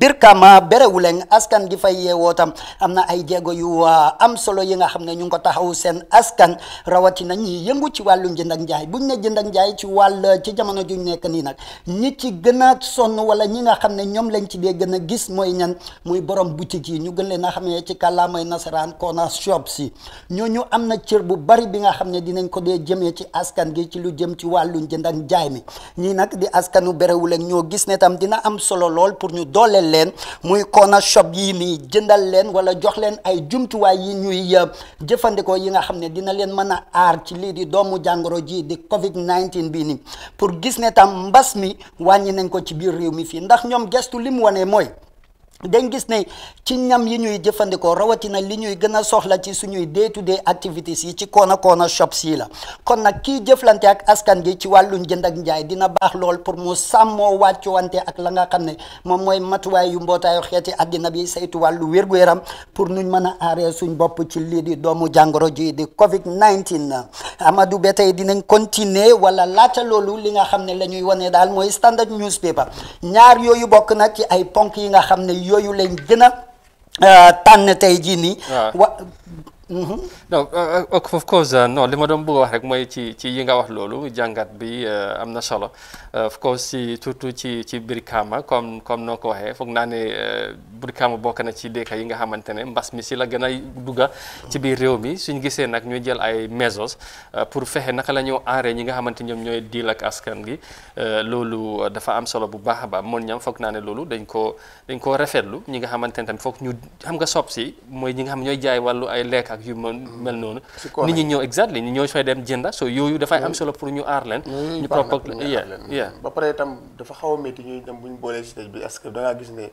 Birkama Berewuleñ askan gi fay yeewoo tam am na ay jéego yu am solo yi nga xam ne ñu ngi ko taxaw seen askan rawatina ñi yëngu ci wàllu njënd njaay buñ ne jënd ak njaay ci wàll ci jamono juñ nekk nii nag ñi ci gën a wala ñi nga xam ne ñoom lañ ci dee gën a gis mooy ñan muy borom boutique yi ñu gën leen a xamee ci kàllaamay nasaraan corner shops yi ñooñu am na cër bu bari bi nga xam ne dinañ ko dee jëmee ci askan gi ci lu jëm ci wàllu njënd ak njaay mi ñii nag di askanu Berewuleñ ñoo gis ne tam dina am solo lool pour ñu dooleel leen muy corner shop yii nii jëndal leen wala jox leen ay jumtuwaay yi ñuy uh, jëfandikoo yi nga xam ne dina leen mën a aar ci lii di doomu jàngoro ji di Covid 19 bii nii pour gis ne tam mbas mi wàññi nañ ko ci biir réew mi fii ndax ñoom gestu li mu wane mooy. dañ gis ne ci ñam yi ñuy jëfandikoo rawatina li ñuy gën a soxla ci suñuy day to day activities yi ci koona koona shops yi la kon nag kiy jëflante ak askan gi ci wàllu jënd ak njaay dina baax lool pour mu sàmmoo wàccuwante ak la nga xam ne moom mooy matuwaay yu mbootaayu xeeti àddina bi saytu wàllu wér-gu-yaram pour nuñ mën a aree suñ bopp ci lii di doomu jàngoro ji di covid na Amadou Ba tey dinañ continuer wala laata loolu li nga xam ne la ñuy wane daal mooy standard newspaper ñaar yooyu bokk nag ci ay ponk yi nga xam ne yooyu lañ gën a euh, tànn tey jii nii. Mm-hmm. non uh, of course uh, non li ma doom bëgg a wax rek mooy ci ci yi nga wax loolu jàngat bi uh, am na solo of course si surtout ci ci Brikama comme comme noo ko waxee foog naa ne Brikama bokk na ci dëkk yi nga xamante ne mbas mi si la gën a dugga ci biir réew mi suñ gisee nag ñu jël ay mesures pour fexe naka la ñu enree ñi nga xamante ñoom ñooy diil ak askan gi loolu dafa am solo bu baax a baax moon ñam foog naa ne loolu dañ koo dañ koo rafetlu ñi nga xamante ne foog ñu xam nga sob si mooy ñi nga xam ñooy jaay wàllu ay lekk ak yu mel mm. noonu nit ñi ñëw exactly ñi ñoo fay dem jënda so yooyu dafay am solo pour ñu aar leen ñu propag ba pare itam dafa xaw a métti dem bu ñu boolee si bi parce que dangaa gis ne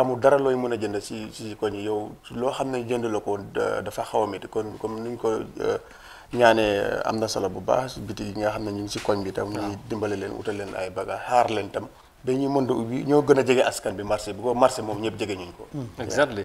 amul dara looy mën a jënd si si koñ yi yow loo xam ne jënd la ko dafa xaw a métti kon comme ni ñu ko eh, ñaanee eh, am na solo bu baax biti yi nga xam ne ñu ngi si koñ bi tam ñu dimbale leen utal leen ay bagage xaar leen tam dañuy mën da ubbi ñoo gën a jege askan bi marché bu ko marché moom ñëpp jege ñuñ ko mm, exactly